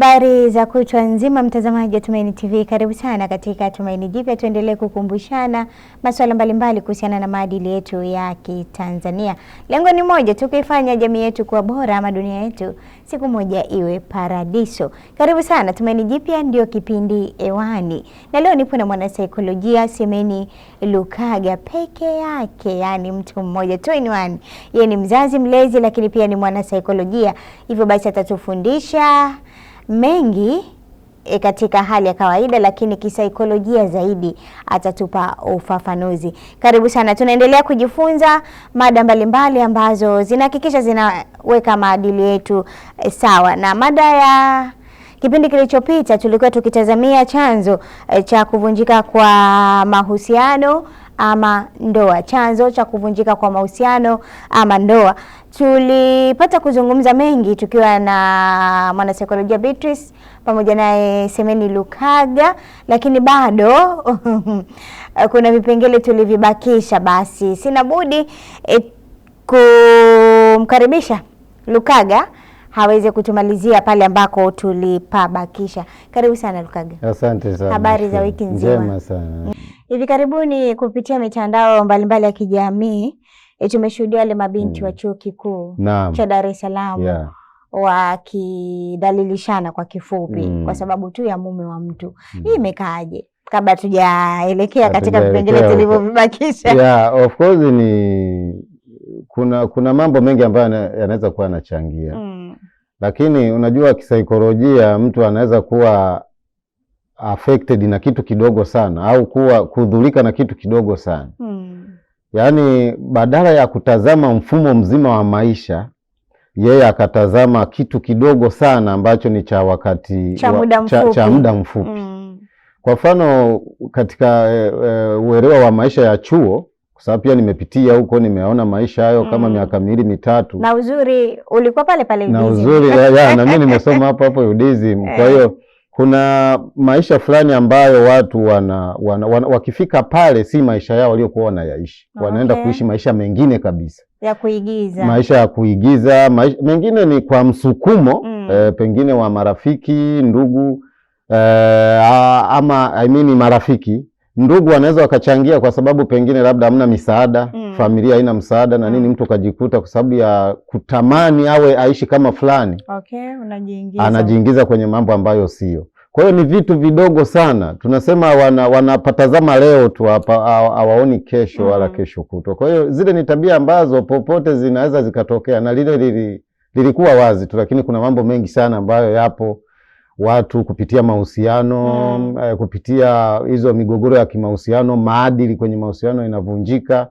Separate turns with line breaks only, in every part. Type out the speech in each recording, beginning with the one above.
Habari za kuchwa nzima, mtazamaji wa Tumaini TV, karibu sana katika Tumaini Jipya. Tuendelee kukumbushana masuala mbalimbali kuhusiana na maadili yetu ya Kitanzania. Lengo ni moja, tukifanya jamii yetu kuwa bora ama dunia yetu siku moja iwe paradiso. Karibu sana, Tumaini Jipya ndio kipindi ewani, na leo nipo na mwanasaikolojia Semeni Lukaga peke yake, yani mtu mmoja tu in one. Yeye ni mzazi mlezi, lakini pia ni mwanasaikolojia, hivyo basi atatufundisha mengi E, katika hali ya kawaida lakini kisaikolojia zaidi atatupa ufafanuzi. Karibu sana, tunaendelea kujifunza mada mbalimbali ambazo zinahakikisha zinaweka maadili yetu e, sawa. Na mada ya kipindi kilichopita tulikuwa tukitazamia chanzo e, cha kuvunjika kwa mahusiano ama ndoa, chanzo cha kuvunjika kwa mahusiano ama ndoa. Tulipata kuzungumza mengi tukiwa na mwanasaikolojia Beatrice pamoja naye Semeni Lukaga, lakini bado kuna vipengele tulivibakisha. Basi sina budi e, kumkaribisha Lukaga haweze kutumalizia pale ambako tulipabakisha. Karibu sana Lukaga.
Asante sana.
Habari za wiki nzima?
Njema sana.
Hivi karibuni kupitia mitandao mbalimbali ya kijamii e, tumeshuhudia wale mabinti hmm, wa chuo kikuu cha Dar es Salaam yeah wakidhalilishana kwa kifupi mm. kwa sababu tu ya mume wa mtu mm. hii imekaaje? Kabla tujaelekea katika vipengele tulivyovibakisha.
Yeah, of course ni kuna kuna mambo mengi ambayo yanaweza kuwa yanachangia mm. Lakini unajua kisaikolojia, mtu anaweza kuwa affected na kitu kidogo sana au kuwa kudhulika na kitu kidogo sana hmm. Yaani badala ya kutazama mfumo mzima wa maisha yeye akatazama kitu kidogo sana ambacho ni cha wakati
cha muda mfupi,
cha muda mfupi. Hmm. Kwa mfano katika e, e, uelewa wa maisha ya chuo kwa sababu pia nimepitia huko, nimeona maisha hayo mm. kama miaka miwili mitatu,
na uzuri ulikuwa pale pale
na uzuri ya, na mimi nimesoma hapo hapo Udizim. Eh. Kwa hiyo kuna maisha fulani ambayo watu wana, wana, wana wakifika pale si maisha yao waliokuwa wanayaishi okay. Wanaenda kuishi maisha mengine kabisa
ya kuigiza,
maisha ya kuigiza maisha, mengine ni kwa msukumo mm. eh, pengine wa marafiki ndugu eh, ama I mean marafiki ndugu wanaweza wakachangia kwa sababu pengine labda hamna misaada mm. familia haina msaada na nini, mm. mtu kajikuta kwa sababu ya kutamani awe aishi kama fulani
okay, unajiingiza.
Anajiingiza kwenye mambo ambayo sio. Kwa hiyo ni vitu vidogo sana, tunasema wanapatazama wana leo tu hapa, hawaoni kesho mm. wala kesho kutwa. Kwa hiyo zile ni tabia ambazo popote zinaweza zikatokea, na lile lilikuwa wazi tu, lakini kuna mambo mengi sana ambayo yapo watu kupitia mahusiano mm. eh, kupitia hizo migogoro ya kimahusiano, maadili kwenye mahusiano inavunjika.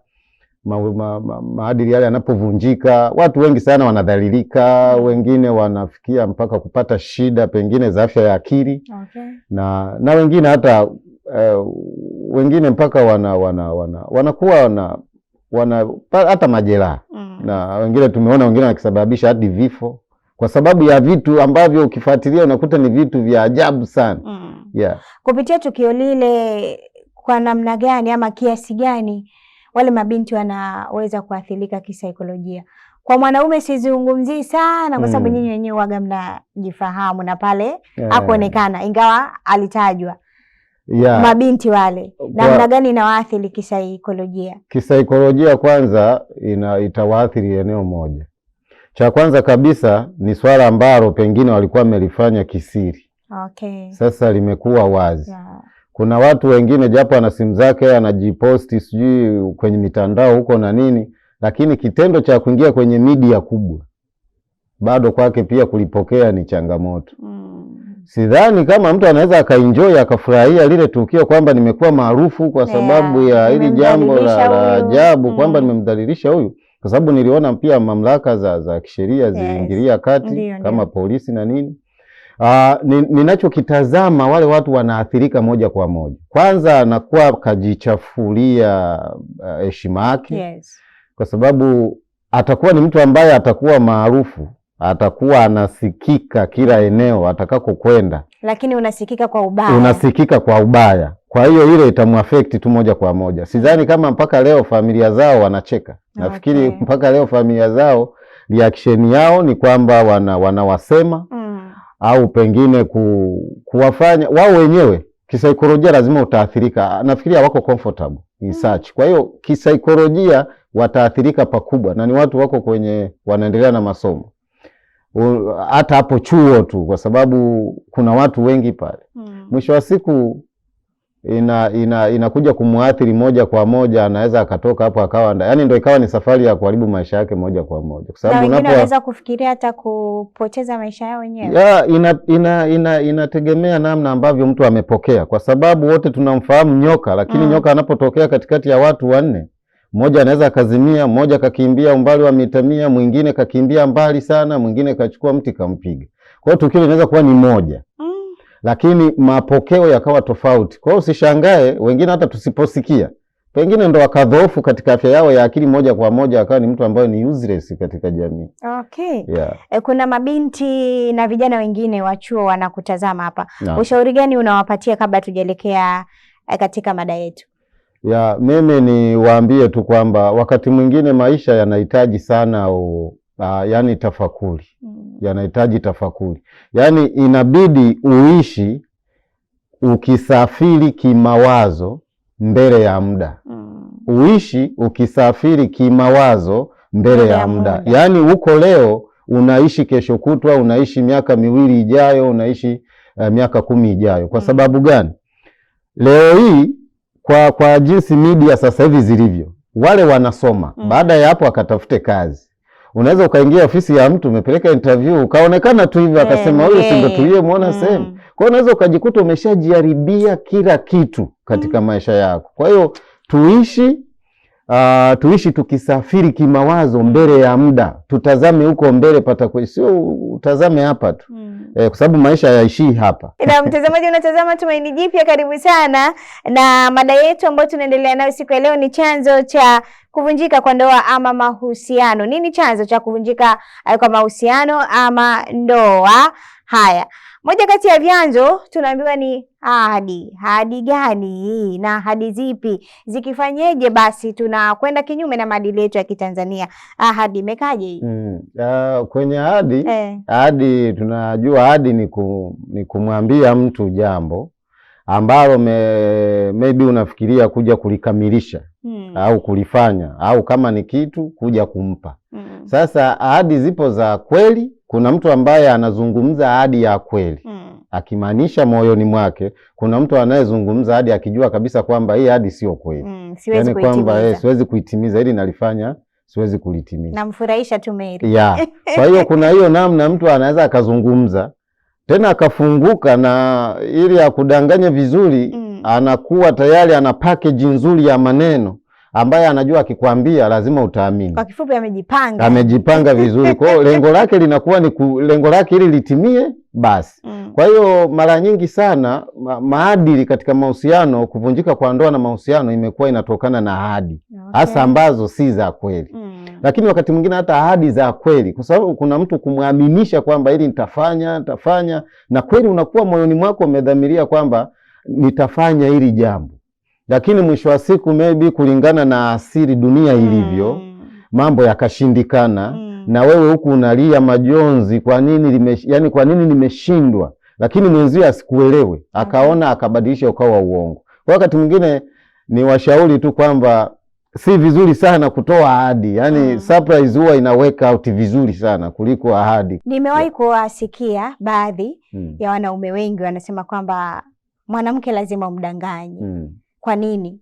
ma, ma, ma, maadili yale yanapovunjika, watu wengi sana wanadhalilika mm. wengine wanafikia mpaka kupata shida pengine za afya ya akili okay. na na wengine hata eh, wengine mpaka wana wana wana wanakuwa wana, wana hata majeraha mm. na wengine tumeona wengine wakisababisha hadi vifo kwa sababu ya vitu ambavyo ukifuatilia unakuta ni vitu vya ajabu sana mm.
yeah. Kupitia tukio lile, kwa namna gani ama kiasi gani wale mabinti wanaweza kuathirika kisaikolojia? Kwa mwanaume sizungumzii sana, kwa sababu mm. nyinyi wenyewe waga mnajifahamu na pale yeah. akuonekana, ingawa alitajwa yeah. mabinti wale namna gani inawaathiri kisaikolojia?
Kisaikolojia kwanza ina, itawaathiri eneo moja cha kwanza kabisa ni swala ambalo pengine walikuwa wamelifanya kisiri. Okay. Sasa limekuwa wazi. Yeah. Kuna watu wengine japo ana simu zake anajiposti sijui kwenye mitandao huko na nini, lakini kitendo cha kuingia kwenye media kubwa bado kwake pia kulipokea ni changamoto. Mm. Sidhani kama mtu anaweza akaenjoy akafurahia lile tukio kwamba nimekuwa maarufu kwa sababu yeah, ya hili jambo la ajabu mm. kwamba nimemdhalilisha huyu kwa sababu niliona pia mamlaka za, za kisheria ziliingilia yes, kati ndiyo, kama ndiyo, polisi na nini. Ah, ninachokitazama ni wale watu wanaathirika moja kwa moja, kwanza anakuwa kajichafulia ah, heshima uh, yake yes, kwa sababu atakuwa ni mtu ambaye atakuwa maarufu, atakuwa anasikika kila eneo atakako kwenda
lakini unasikika kwa ubaya,
unasikika kwa ubaya. Kwa hiyo ile itamwafekti tu moja kwa moja. Sidhani kama mpaka leo familia zao wanacheka okay. Nafikiri mpaka leo familia zao reaction yao ni kwamba wana wanawasema mm. au pengine ku, kuwafanya wao wenyewe kisaikolojia, lazima utaathirika. Nafikiri hawako comfortable in mm. kwa hiyo kisaikolojia wataathirika pakubwa, na ni watu wako kwenye wanaendelea na masomo hata hapo chuo tu, kwa sababu kuna watu wengi pale mm. mwisho wa siku ina inakuja ina kumwathiri moja kwa moja, anaweza akatoka hapo akawa yani ndio ikawa ni safari ya kuharibu maisha yake moja kwa moja,
kwa sababu anaweza kufikiria hata kupoteza maisha yao wenyewe
ya, ina, ina, ina, inategemea namna ambavyo mtu amepokea, kwa sababu wote tunamfahamu nyoka, lakini mm. nyoka anapotokea katikati ya watu wanne mmoja anaweza kazimia, mmoja kakimbia umbali wa mita mia, mwingine kakimbia mbali sana, mwingine kachukua mti kampiga. Kwa hiyo tukio linaweza kuwa ni moja mm. lakini mapokeo yakawa tofauti. Kwa hiyo usishangae wengine hata tusiposikia, pengine ndo wakadhoofu katika afya yao ya akili moja kwa moja, akawa ni mtu ambaye ni useless katika jamii.
Okay. Yeah. E, kuna mabinti na vijana wengine wa chuo wanakutazama hapa, ushauri gani unawapatia kabla tujaelekea e, katika mada yetu?
ya mimi niwaambie tu kwamba wakati mwingine maisha yanahitaji sana u, uh, yani tafakuri mm. yanahitaji tafakuri, yaani inabidi uishi ukisafiri kimawazo mbele ya muda mm. uishi ukisafiri kimawazo mbele ya muda, yaani huko leo unaishi kesho kutwa, unaishi miaka miwili ijayo, unaishi uh, miaka kumi ijayo. Kwa mm. sababu gani? Leo hii kwa, kwa jinsi media sasa hivi zilivyo, wale wanasoma mm. baada ya hapo akatafute kazi. Unaweza ukaingia ofisi ya mtu umepeleka interview ukaonekana tu hivyo, akasema huyo hey, ndo tuliyemwona mm. sehemu. Kwa hiyo unaweza ukajikuta umeshajiharibia kila kitu katika mm. maisha yako. Kwa hiyo tuishi uh, tuishi tukisafiri kimawazo mbele ya muda, tutazame huko mbele pata, sio utazame hapa tu mm. eh, kwa sababu maisha yaishii hapa.
Na mtazamaji unatazama Tumaini Jipya, karibu sana na mada yetu ambayo tunaendelea nayo siku ya leo ni chanzo cha kuvunjika kwa ndoa ama mahusiano. Nini chanzo cha kuvunjika eh, kwa mahusiano ama ndoa? Haya, moja kati ya vyanzo tunaambiwa ni ahadi. hadi gani na ahadi zipi? Zikifanyeje basi tunakwenda kinyume na maadili yetu ya Kitanzania? Ahadi imekaje hii? Mm,
uh, kwenye ahadi eh, ahadi tunajua ahadi ni, ku, ni kumwambia mtu jambo ambalo me, maybe unafikiria kuja kulikamilisha mm, au kulifanya au kama ni kitu kuja kumpa mm. Sasa ahadi zipo za kweli, kuna mtu ambaye anazungumza ahadi ya kweli mm akimaanisha moyoni mwake. Kuna mtu anayezungumza hadi akijua kabisa kwamba hii hadi sio kweli mm, yani kwamba eh, siwezi kuitimiza ili nalifanya siwezi kulitimiza,
namfurahisha tu Mary
yeah. Kwa hiyo kuna hiyo namna mtu anaweza akazungumza tena akafunguka na ili akudanganye vizuri mm. Anakuwa tayari ana package nzuri ya maneno ambaye anajua akikwambia lazima utaamini.
Kwa kifupi, amejipanga
amejipanga vizuri. kwao, lengo lake linakuwa ni ku, lengo lake ili litimie basi mm. Kwa hiyo mara nyingi sana ma maadili katika mahusiano, kuvunjika kwa ndoa na mahusiano imekuwa inatokana na ahadi hasa okay. ambazo si za kweli mm. Lakini wakati mwingine hata ahadi za kweli, kwa sababu kuna mtu kumwaminisha kwamba ili nitafanya nitafanya, na kweli unakuwa moyoni mwako umedhamiria kwamba nitafanya hili jambo, lakini mwisho wa siku maybe kulingana na asili dunia mm. ilivyo mm. mambo yakashindikana mm na wewe huku unalia majonzi, kwa nini lime, yani kwa nini nimeshindwa? Lakini mwenzio asikuelewe, akaona akabadilisha ukawa uongo. Kwa wakati mwingine ni washauri tu kwamba si vizuri sana kutoa ahadi, yani mm. surprise huwa ina work out vizuri sana kuliko ahadi.
Nimewahi kuwasikia baadhi mm. ya wanaume wengi wanasema kwamba mwanamke lazima umdanganye mm. kwa nini?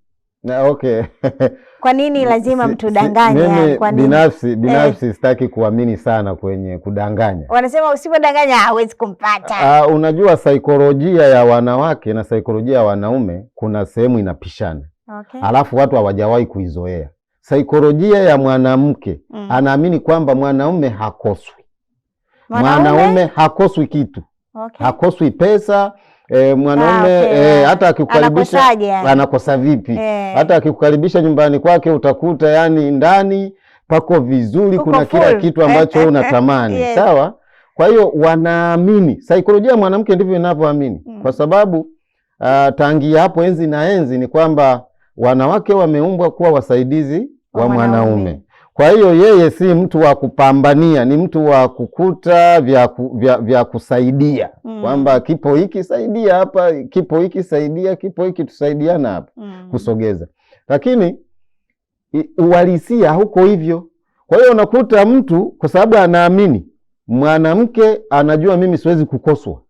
na okay. Kwa nini lazima mtudanganye?
si, kwa nini? Binafsi eh. binafsi eh, sitaki kuamini sana kwenye kudanganya.
Wanasema usipodanganya hawezi ah, kumpata.
Uh, unajua saikolojia ya wanawake na saikolojia ya wanaume kuna sehemu inapishana. Okay. Alafu watu hawajawahi kuizoea. Saikolojia ya mwanamke mm, anaamini kwamba mwanaume hakoswi. Mwanaume, mwanaume hakoswi kitu. Okay. Hakoswi pesa, E, mwanaume ah, okay. E, hata akikukaribisha anakosa vipi? E. Hata akikukaribisha nyumbani kwake utakuta yani ndani pako vizuri, kuna kila kitu ambacho unatamani yes. Sawa. Kwa hiyo wanaamini saikolojia ya mwanamke ndivyo inavyoamini mm. Kwa sababu uh, ah, tangia hapo enzi na enzi ni kwamba wanawake wameumbwa kuwa wasaidizi wa, wa mwanaume, mwanaume. Kwa hiyo yeye si mtu wa kupambania, ni mtu wa kukuta vya, vya, vya kusaidia mm. kwamba kipo hiki saidia hapa, kipo hiki saidia, kipo hiki tusaidiana hapa mm. kusogeza, lakini uhalisia huko hivyo. Kwa hiyo unakuta mtu kwa sababu anaamini mwanamke, anajua mimi siwezi kukoswa,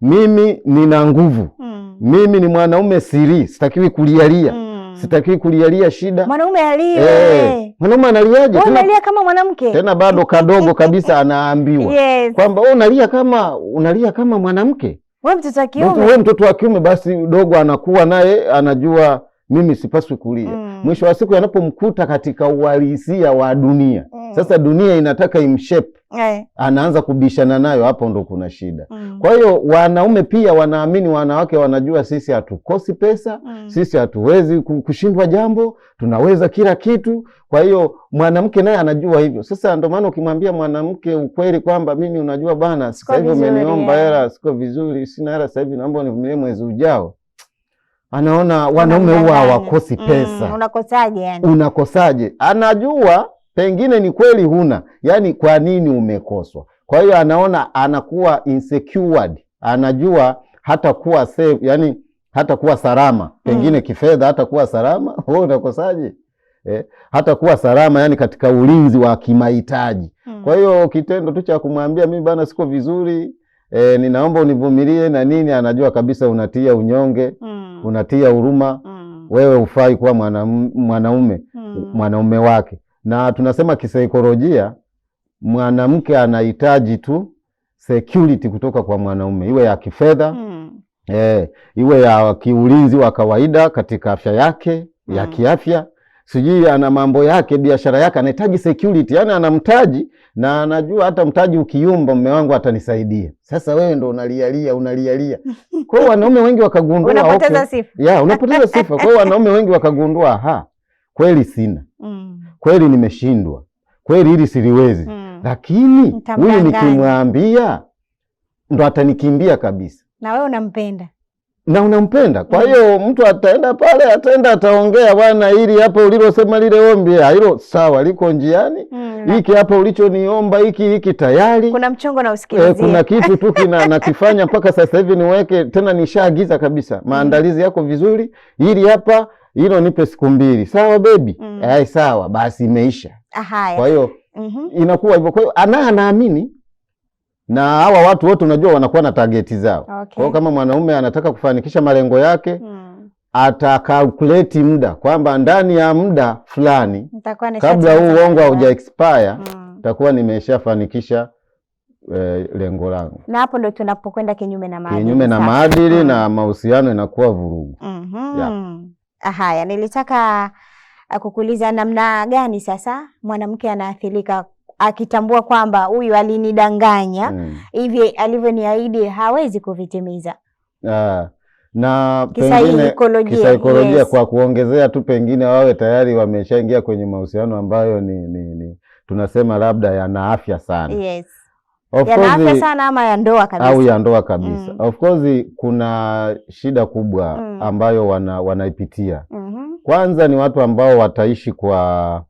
mimi nina nguvu mm. mimi ni mwanaume siri, sitakiwi kulialia mm. Mm. sitaki kulialia shida.
Mwanaume alie. Eh, mwanaume analiaje? Unalia kama mwanamke.
Tena bado kadogo kabisa anaambiwa yes, kwamba wewe unalia kama unalia kama mwanamke. Wewe mtoto wa kiume. Wewe mtoto wa kiume, basi dogo anakuwa naye anajua mimi sipaswi kulia. Mm. Mwisho wa siku yanapomkuta katika uhalisia wa dunia. Mm. Mm. Sasa dunia inataka imshape, eh. anaanza kubishana nayo, hapo ndo kuna shida. Mm. Kwa hiyo wanaume pia wanaamini wanawake wanajua, sisi hatukosi pesa, mm. sisi hatuwezi kushindwa jambo, tunaweza kila kitu. Kwa hiyo mwanamke naye anajua hivyo. Sasa ndo maana ukimwambia mwanamke ukweli kwamba mimi, unajua bana, sasa hivi umeniomba eh. hela, siko vizuri, sina hela sasa hivi, naomba univumilie mwezi ujao anaona wanaume huwa hawakosi pesa.
Mm, unakosaje yani?
Unakosaje? Anajua Pengine ni kweli huna, yaani kwa nini umekoswa? Kwa hiyo anaona anakuwa insecured, anajua hata kuwa safe, yani hata kuwa salama pengine mm. Kifedha hata kuwa salama wewe unakosaje? Eh, hata kuwa salama yani katika ulinzi wa kimahitaji mm. Kwa hiyo kitendo tu cha kumwambia mimi bana, siko vizuri eh, ninaomba univumilie na nini, anajua kabisa unatia unyonge mm. unatia huruma mm. Wewe hufai kuwa mwanaume mwanaume mm. wake na tunasema kisaikolojia, mwanamke anahitaji tu security kutoka kwa mwanaume, iwe ya kifedha mm. eh, iwe ya kiulinzi wa kawaida katika afya yake mm. ya hmm. kiafya sijui ana mambo yake, biashara yake, anahitaji security, yani ana mtaji na anajua hata mtaji ukiyumba, mume wangu atanisaidia. Sasa wewe ndo unalialia unalialia. Kwa hiyo wanaume wengi wakagundua
unapoteza sifa
ya unapoteza sifa. Kwa hiyo wanaume wengi wakagundua, ha, kweli sina mm kweli nimeshindwa, kweli hili siliwezi mm. Lakini huyu nikimwambia ndo atanikimbia kabisa.
Na wewe unampenda
na unampenda, kwa hiyo mm. mtu ataenda pale, ataenda ataongea, bwana, hili hapo ulilosema lile ombi ah, hilo sawa, liko njiani mm, hiki hapa ulichoniomba hiki hiki tayari
kuna mchongo na eh, usikilizie.
E, kuna kitu tu kina nakifanya mpaka sasa hivi niweke tena, nishaagiza kabisa maandalizi yako vizuri, hili hapa hilo nipe siku mbili, sawa bebi? mm. Ay, sawa basi, imeisha. Ah, Kwa hiyo mm -hmm. inakuwa hivyo. Kwa hiyo ana anaamini na hawa watu wote, unajua wanakuwa na tageti zao okay. Kwa hiyo kama mwanaume anataka kufanikisha malengo yake mm. atakalkuleti muda kwamba ndani ya muda fulani, kabla huu uongo hauja expire mm. takuwa nimeshafanikisha E, lengo langu
na hapo ndo tunapokwenda kinyume na
maadili, kinyume na maadili mm. na mahusiano inakuwa vurugu. mm -hmm.
Haya, nilitaka eh, kukuuliza namna gani sasa mwanamke anaathirika akitambua kwamba huyu alinidanganya mm. hivi mm. alivyoniahidi hawezi kuvitimiza
ah. na kisaikolojia yes. Kwa kuongezea tu, pengine wawe tayari wameshaingia kwenye mahusiano ambayo ni, ni, ni tunasema labda yana afya sana yes
ya sana ama ya ndoa
kabisa, au ya ndoa kabisa. Mm. Of course kuna shida kubwa mm. ambayo wana, wanaipitia mm -hmm. Kwanza ni watu ambao wataishi kwa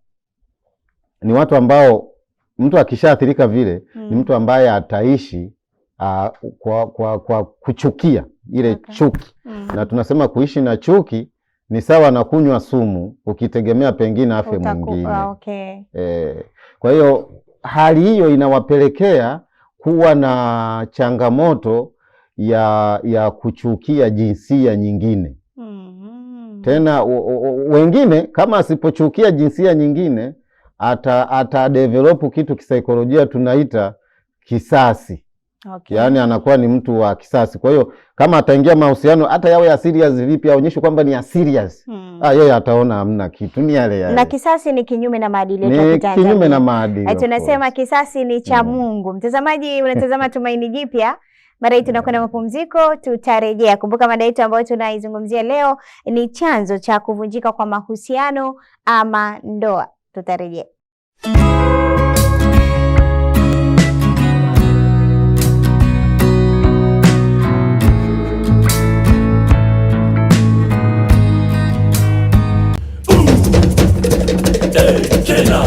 ni watu ambao mtu akishaathirika vile mm. ni mtu ambaye ataishi uh, kwa, kwa, kwa kuchukia ile okay. chuki mm. na tunasema kuishi na chuki ni sawa na kunywa sumu ukitegemea pengine afe mwingine okay. E, kwa hiyo hali hiyo inawapelekea kuwa na changamoto ya ya kuchukia jinsia nyingine mm -hmm. Tena u, u, wengine kama asipochukia jinsia nyingine ata, ata develop kitu kisaikolojia tunaita kisasi okay. Yaani anakuwa ni mtu wa kisasi. Kwa hiyo kama ataingia mahusiano hata yawe ya serious vipi, aonyeshe kwamba ni ya serious hmm. Ah, yeye ataona hamna kitu, ni yale
yale. Na kisasi ni kinyume na maadili
ya Tanzania, kinyume na maadili
tunasema kisasi ni cha hmm. Mungu. Mtazamaji unatazama Tumaini Jipya. Mada hii tunakwenda hmm. mapumziko, tutarejea. Kumbuka mada yetu ambayo tunaizungumzia leo ni chanzo cha kuvunjika kwa mahusiano ama ndoa. Tutarejea.
tena.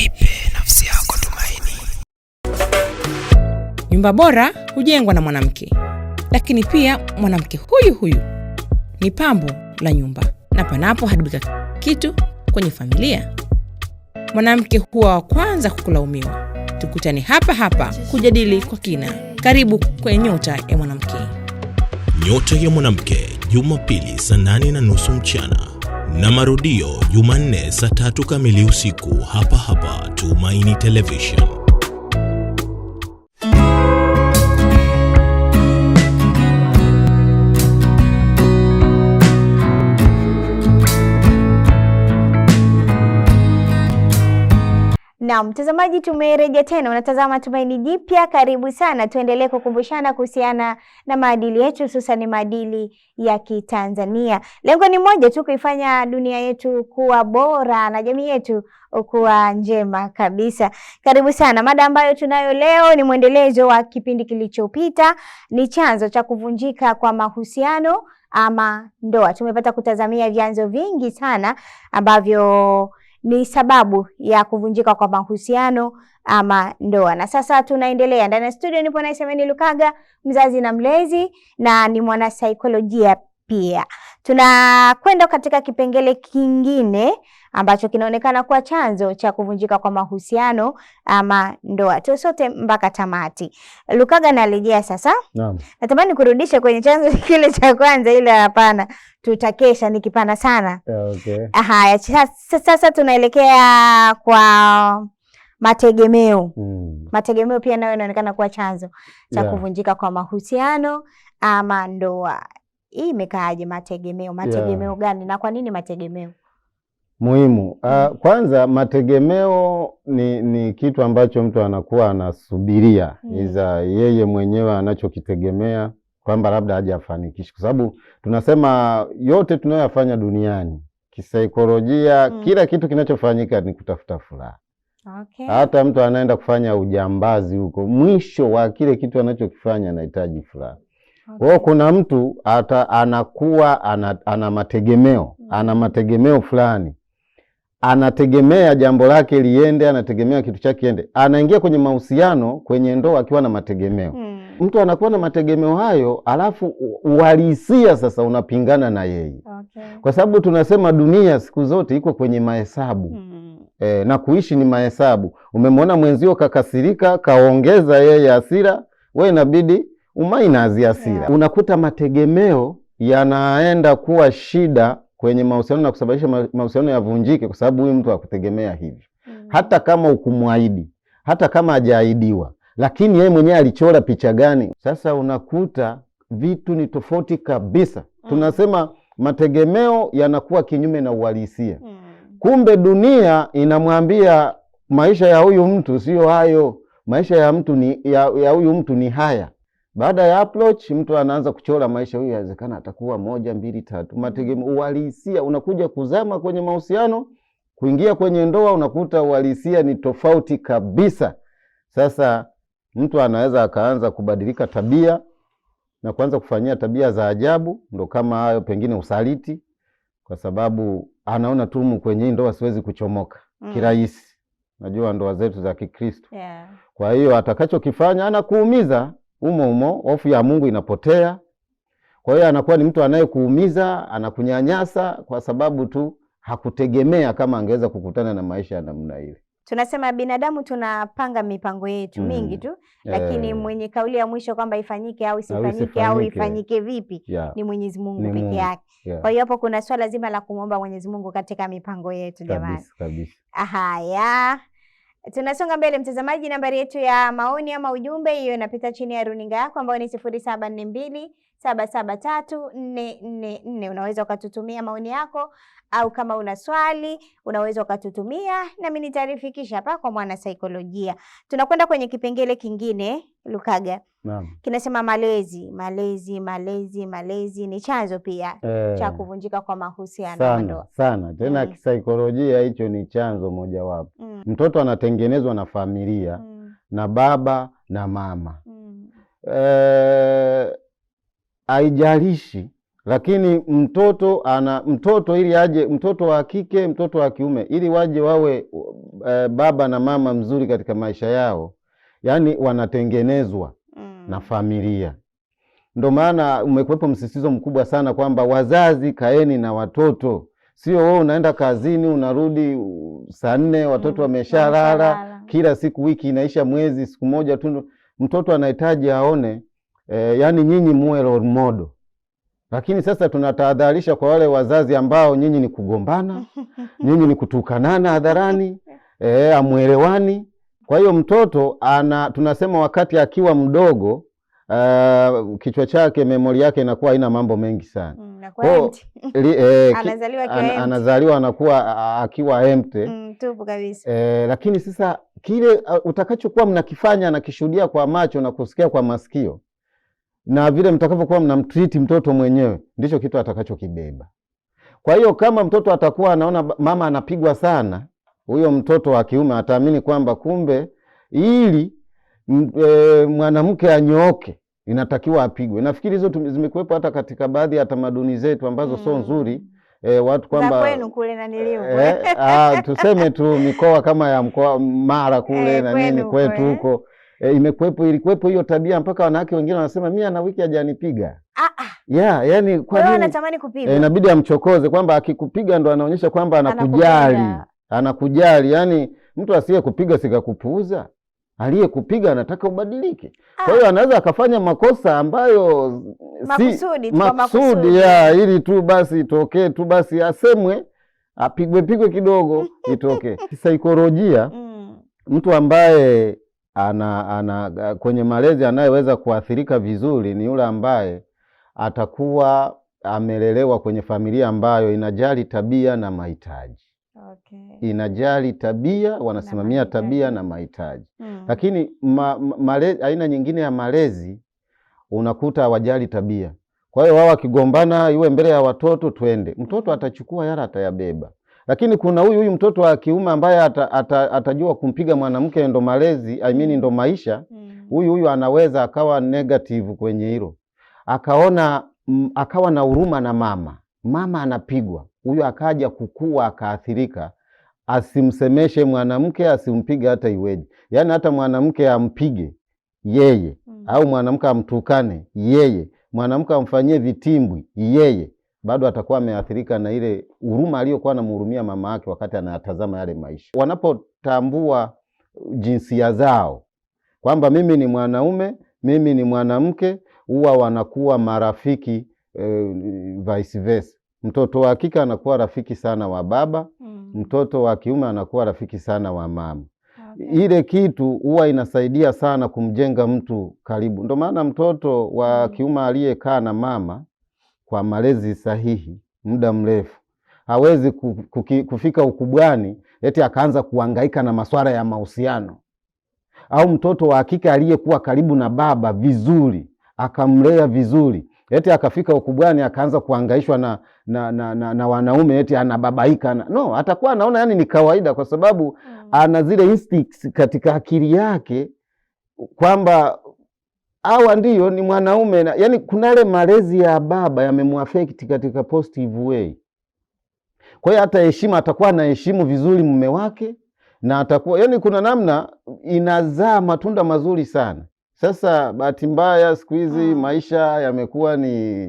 Ipe nafsi yako tumaini. Nyumba bora hujengwa na mwanamke, lakini pia mwanamke huyu huyu ni pambo la nyumba, na panapo haribika kitu kwenye familia, mwanamke huwa wa kwanza kukulaumiwa. Tukutane hapa hapa kujadili kwa kina. Karibu kwenye Nyota ya Mwanamke.
Nyota ya Mwanamke. Jumapili saa nane na nusu mchana na marudio Jumanne saa tatu kamili usiku hapa hapa Tumaini Television.
mtazamaji, tumerejea tena, unatazama Tumaini Jipya. Karibu sana, tuendelee kukumbushana kuhusiana na maadili yetu, hususan maadili ya Kitanzania. Lengo ni moja tu, kuifanya dunia yetu kuwa bora na jamii yetu kuwa njema kabisa. Karibu sana. Mada ambayo tunayo leo ni mwendelezo wa kipindi kilichopita, ni chanzo cha kuvunjika kwa mahusiano ama ndoa. Tumepata kutazamia vyanzo vingi sana ambavyo ni sababu ya kuvunjika kwa mahusiano ama ndoa. Na sasa tunaendelea ndani ya studio, nipo na Isemeni Lukaga, mzazi na mlezi na ni mwanasaikolojia pia. Tunakwenda katika kipengele kingine ambacho kinaonekana kuwa chanzo cha kuvunjika kwa mahusiano ama ndoa. Tusote mpaka tamati. Lukaga analejea sasa. Naam. Natamani kurudisha kwenye chanzo kile cha kwanza ile, hapana, tutakesha ni kipana sana. Okay. Haya, sasa tunaelekea kwa mategemeo. Hmm. Mategemeo pia nayo inaonekana kuwa chanzo cha yeah, kuvunjika kwa mahusiano ama ndoa hii imekaaje? Mategemeo, mategemeo yeah, gani na kwa nini mategemeo
muhimu? Uh, kwanza mategemeo ni, ni kitu ambacho mtu anakuwa anasubiria mm, iza yeye mwenyewe anachokitegemea kwamba labda hajafanikishi, kwa sababu tunasema yote tunayoyafanya duniani kisaikolojia, mm, kila kitu kinachofanyika ni kutafuta furaha. Okay. Hata mtu anaenda kufanya ujambazi huko, mwisho wa kile kitu anachokifanya anahitaji furaha. Okay. Kuna mtu ata, anakuwa ana, ana mategemeo mm. ana mategemeo fulani, anategemea jambo lake liende, anategemea kitu chake kiende, anaingia kwenye mahusiano, kwenye ndoa akiwa na mategemeo mm. mtu anakuwa na mategemeo hayo, alafu uhalisia sasa unapingana na yeye okay. kwa sababu tunasema dunia siku zote iko kwenye mahesabu mm. E, na kuishi ni mahesabu. Umemwona mwenzio kakasirika, kaongeza yeye hasira, we inabidi umaina ziasira yeah. Unakuta mategemeo yanaenda kuwa shida kwenye mahusiano na kusababisha mahusiano yavunjike, kwa sababu huyu mtu akutegemea hivyo mm. hata kama ukumwahidi, hata kama hajaahidiwa, lakini yeye mwenyewe alichora picha gani? Sasa unakuta vitu ni tofauti kabisa mm. tunasema mategemeo yanakuwa kinyume na uhalisia mm. Kumbe dunia inamwambia maisha ya huyu mtu sio hayo, maisha ya mtu ni ya huyu mtu ni haya baada ya approach, mtu anaanza kuchora maisha, huyu yawezekana atakuwa moja, mbili, tatu, mategemeo. Uhalisia unakuja kuzama kwenye mahusiano, kuingia kwenye ndoa, unakuta uhalisia ni tofauti kabisa. Sasa mtu anaweza akaanza kubadilika tabia na kuanza kufanyia tabia za ajabu, ndo kama hayo, pengine usaliti, kwa sababu anaona tu kwenye ndoa siwezi kuchomoka mm. kirahisi. Najua ndoa zetu za Kikristo yeah. Kwa hiyo atakachokifanya anakuumiza humo humo hofu ya Mungu inapotea. Kwa hiyo anakuwa ni mtu anayekuumiza, anakunyanyasa kwa sababu tu hakutegemea kama angeweza kukutana na maisha ya namna ile.
Tunasema binadamu tunapanga mipango yetu mm, mingi tu eh. lakini mwenye kauli ya mwisho kwamba ifanyike au isifanyike au ifanyike vipi, yeah, ni Mwenyezi Mungu peke yake. Yeah. Kwa hiyo hapo kuna swala zima la kumwomba Mwenyezi Mungu katika mipango yetu,
jamani. Kabisa kabisa.
Haya, Tunasonga mbele mtazamaji, nambari yetu ya maoni ama ujumbe hiyo inapita chini ya runinga yako ambayo ni sifuri saba nne mbili saba saba tatu nne nne nne. Unaweza ukatutumia maoni yako, au kama una swali unaweza ukatutumia, nami nitarifikisha hapa kwa mwana saikolojia. Tunakwenda kwenye kipengele kingine Lukaga. Naam. Kinasema malezi, malezi, malezi, malezi ni chanzo pia e, cha kuvunjika kwa mahusiano
sana, sana tena mm. Kisaikolojia hicho ni chanzo mojawapo mm. Mtoto anatengenezwa na familia mm. na baba na mama mm. e, haijalishi lakini mtoto ana mtoto ili aje mtoto wa kike mtoto wa kiume ili waje wawe e, baba na mama mzuri katika maisha yao, yaani wanatengenezwa mm. na familia. Ndo maana umekuwepo msisitizo mkubwa sana kwamba wazazi, kaeni na watoto, sio wewe unaenda kazini unarudi saa nne watoto mm, wameshalala, mm. kila siku, wiki inaisha, mwezi, siku moja tu. Mtoto anahitaji aone e, yani nyinyi muwe role model. Lakini sasa tunatahadharisha kwa wale wazazi ambao nyinyi ni kugombana, nyinyi ni kutukanana hadharani, e, eh, amwelewani. Kwa hiyo mtoto ana, tunasema wakati akiwa mdogo Uh, kichwa chake memori yake inakuwa haina mambo mengi sana mm,
o, li, eh, anazaliwa, an,
anazaliwa anakuwa akiwa empty mm,
tupu kabisa
eh, lakini sasa kile uh, utakachokuwa mnakifanya nakishuhudia kwa macho na kusikia kwa masikio na vile mtakavyokuwa mnamtreat mtoto mwenyewe ndicho kitu atakachokibeba. Kwa hiyo kama mtoto atakuwa anaona mama anapigwa sana, huyo mtoto wa kiume ataamini kwamba kumbe ili mm, e, mwanamke anyooke inatakiwa apigwe. Nafikiri hizo zimekuwepo hata katika baadhi ya tamaduni zetu ambazo mm, sio nzuri e, watu kwamba e, tuseme tu mikoa kama ya mkoa Mara kule e, na nini kwetu eh. huko e, imekuepo ilikuepo hiyo tabia mpaka wanawake wengine wanasema mimi ana wiki hajanipiga. Yeah, ah. yani
kwa nini anatamani kupigwa?
E, inabidi amchokoze kwamba akikupiga ndo anaonyesha kwamba anakujali. Anakujali. Yani mtu asiyekupiga sikakupuuza. Aliyekupiga anataka ubadilike. Ah. Kwa hiyo anaweza akafanya makosa ambayo
makusudi,
si, makusudi ya ili tu basi itokee tu basi asemwe apigwe pigwe kidogo itokee. Kisaikolojia mm. Mtu ambaye ana, ana kwenye malezi anayeweza kuathirika vizuri ni yule ambaye atakuwa amelelewa kwenye familia ambayo inajali tabia na mahitaji. Okay. Inajali tabia, wanasimamia tabia na mahitaji hmm. Lakini ma, ma, aina nyingine ya malezi unakuta hawajali tabia, kwa hiyo wao wakigombana, iwe mbele ya watoto, twende, mtoto atachukua yara atayabeba lakini kuna huyu huyu mtoto wa kiume ambaye ata, ata, atajua kumpiga mwanamke, ndo malezi I mean ndo maisha mm. huyu mm. huyu anaweza akawa negative kwenye hilo, akaona m, mm, akawa na huruma na mama, mama anapigwa huyu, akaja kukua akaathirika asimsemeshe mwanamke, asimpige hata iweje, yaani hata mwanamke ampige yeye mm. au mwanamke amtukane yeye, mwanamke amfanyie vitimbwi yeye, bado atakuwa ameathirika na ile huruma aliyokuwa anamhurumia mama yake wakati anayatazama yale maisha. Wanapotambua jinsia zao kwamba mimi ni mwanaume, mimi ni mwanamke, huwa wanakuwa marafiki e, vice versa. Mtoto wa kike anakuwa rafiki sana wa baba mm. Mtoto wa kiume anakuwa rafiki sana wa mama okay. Ile kitu huwa inasaidia sana kumjenga mtu karibu. Ndio maana mtoto wa mm. kiume aliyekaa na mama kwa malezi sahihi muda mrefu, hawezi kufika ukubwani eti akaanza kuangaika na masuala ya mahusiano. Au mtoto wa hakika aliyekuwa karibu na baba vizuri akamlea vizuri eti akafika ukubwani akaanza kuangaishwa na, na, na, na, na wanaume eti anababaika na... no, atakuwa anaona yani ni kawaida, kwa sababu mm. ana zile instincts katika akili yake kwamba hawa ndiyo ni mwanaume na, yani kunale malezi ya baba yamemwafekti katika positive way. Kwa hiyo hata heshima atakuwa anaheshimu vizuri mume wake na atakuwa yani, kuna namna inazaa matunda mazuri sana. Sasa bahati mbaya siku hizi mm. maisha yamekuwa ni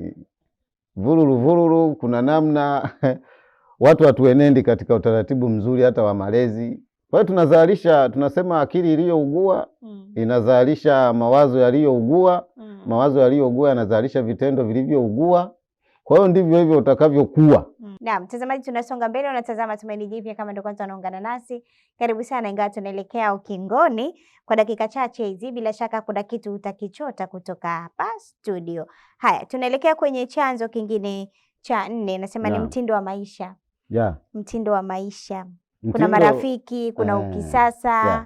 vururu vururu, kuna namna watu hatuenendi katika utaratibu mzuri hata wa malezi kwa hiyo tunazalisha, tunasema akili iliyougua mm. inazalisha mawazo yaliyougua mm. mawazo yaliyougua yanazalisha vitendo vilivyougua. Kwa hiyo ndivyo hivyo utakavyokuwa.
Mm. Naam, mtazamaji, tunasonga mbele, unatazama Tumaini Jipya. Kama ndio kwanza unaungana nasi, karibu sana, ingawa tunaelekea ukingoni kwa dakika chache hizi, bila shaka kuna kitu utakichota kutoka hapa studio. Haya, tunaelekea kwenye chanzo kingine cha nne, nasema ni mtindo wa maisha yeah. mtindo wa maisha Mtindo, kuna marafiki, kuna eh, ukisasa hii yeah.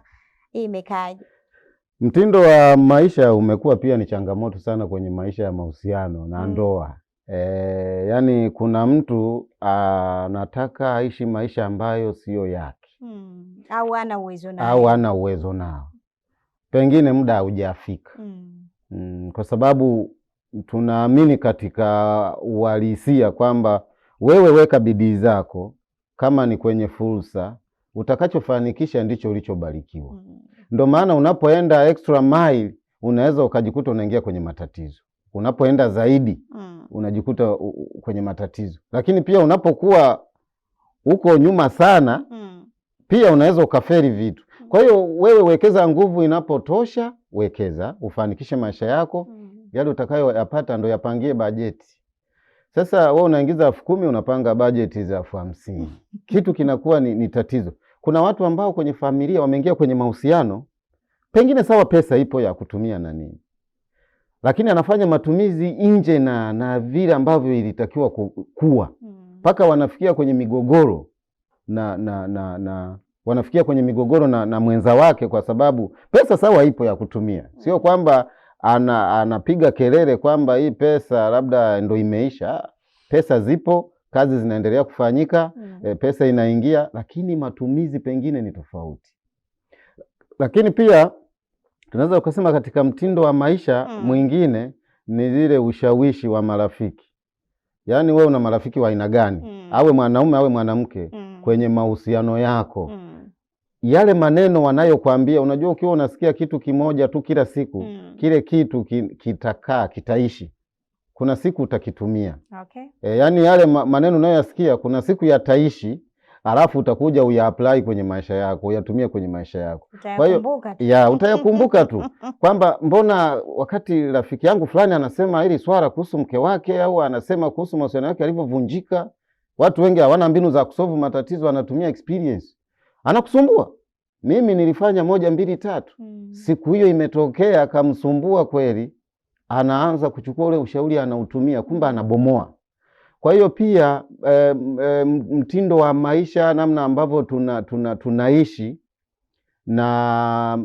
Imekaaje?
Mtindo wa maisha umekuwa pia ni changamoto sana kwenye maisha ya mahusiano na mm. ndoa e, yaani kuna mtu anataka aishi maisha ambayo siyo yake
mm. au ana uwezo
nao, au ana uwezo nao, pengine muda haujafika mm. mm, kwa sababu tunaamini katika uhalisia kwamba wewe weka bidii zako kama ni kwenye fursa, utakachofanikisha ndicho ulichobarikiwa. mm -hmm. Ndio maana unapoenda extra mile unaweza ukajikuta unaingia kwenye matatizo, unapoenda zaidi mm. unajikuta kwenye matatizo, lakini pia unapokuwa huko nyuma sana mm. pia unaweza ukaferi vitu. Mm. Kwa hiyo wewe wekeza nguvu inapotosha, wekeza ufanikishe maisha yako mm. yale utakayoyapata ndo yapangie bajeti sasa wewe unaingiza elfu kumi unapanga bajeti za elfu hamsini kitu kinakuwa ni, ni tatizo. Kuna watu ambao kwenye familia wameingia kwenye mahusiano, pengine sawa, pesa ipo ya kutumia na nini, lakini anafanya matumizi nje na na vile ambavyo ilitakiwa kuwa mpaka hmm, wanafikia kwenye migogoro na na na, na wanafikia kwenye migogoro na, na mwenza wake, kwa sababu pesa sawa ipo ya kutumia, sio kwamba ana anapiga kelele kwamba hii pesa labda ndo imeisha. Pesa zipo, kazi zinaendelea kufanyika mm. E, pesa inaingia, lakini matumizi pengine ni tofauti. Lakini pia tunaweza ukasema katika mtindo wa maisha mm. mwingine ni zile ushawishi wa marafiki, yaani we una marafiki wa aina gani mm. awe mwanaume awe mwanamke mm. kwenye mahusiano yako mm yale maneno wanayokwambia Unajua, ukiwa unasikia kitu kimoja tu kila siku mm. kile kitu kitakaa kitaishi, kuna siku utakitumia okay. E, yani yale maneno unayoyasikia kuna siku yataishi, alafu utakuja uyaapply kwenye maisha yako, uyatumie kwenye maisha yako. Kwa ya utayakumbuka tu kwamba mbona wakati rafiki yangu fulani anasema hili swala kuhusu mke wake au anasema kuhusu mahusiano yake alivyovunjika. Watu wengi hawana mbinu za kusolve matatizo, anatumia experience anakusumbua. Mimi nilifanya moja mbili tatu mm. siku hiyo imetokea akamsumbua kweli, anaanza kuchukua ule ushauri anautumia, kumbe anabomoa. Kwa hiyo pia e, e, mtindo wa maisha, namna ambavyo tuna, tuna, tunaishi na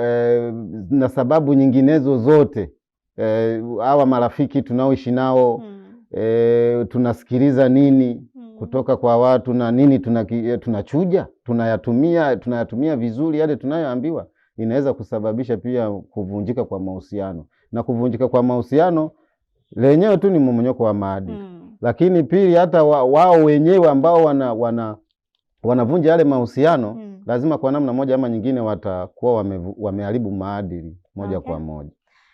e, na sababu nyinginezo zote eh, hawa e, marafiki tunaoishi nao mm. e, tunasikiliza nini kutoka kwa watu na nini eh, tunachuja, tunayatumia tunayatumia vizuri yale tunayoambiwa, inaweza kusababisha pia kuvunjika kwa mahusiano, na kuvunjika kwa mahusiano lenyewe tu ni mmonyoko wa maadili mm. Lakini pili hata wa, wao wenyewe ambao wana, wana wanavunja yale mahusiano mm. Lazima kwa namna moja ama nyingine watakuwa wame, wameharibu maadili moja okay. kwa moja.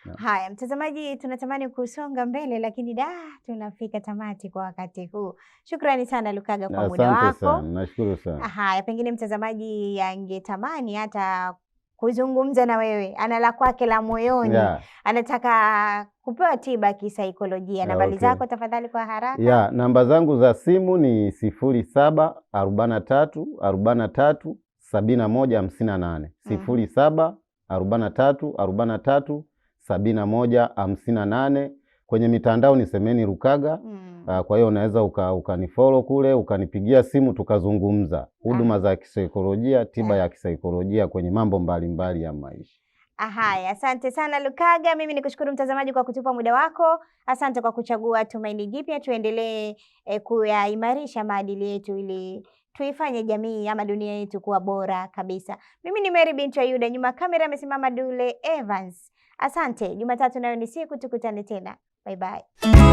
No. Haya mtazamaji, tunatamani kusonga mbele lakini da tunafika tamati kwa wakati huu. Shukrani sana Lukaga kwa muda wako.
Nashukuru sana.
Haya, pengine mtazamaji angetamani hata kuzungumza na wewe, ana la kwake la moyoni, yeah. Anataka kupewa tiba kisaikolojia, yeah, nambari okay, zako tafadhali kwa haraka.
Yeah, namba zangu za simu ni sifuri saba arobaini na tatu arobaini na tatu sabini na moja hamsini na nane mm. sifuri saba arobaini na tatu arobaini na tatu sabini na moja hamsini na nane kwenye mitandao ni Semeni Rukaga mm. Uh, kwa hiyo unaweza ukanifollow uka kule ukanipigia simu tukazungumza huduma za kisaikolojia tiba eh. ya kisaikolojia kwenye mambo mbalimbali mbali ya maisha.
Haya, asante sana Lukaga. Mimi ni kushukuru mtazamaji kwa kutupa muda wako. Asante kwa kuchagua Tumaini Jipya. Tuendelee eh, kuyaimarisha maadili yetu ili tuifanye jamii ama dunia yetu kuwa bora kabisa. Mimi ni Mary binti Ayuda, nyuma kamera amesimama Dule Evans. Asante. Jumatatu nayo ni siku, tukutane tena. Bye bye.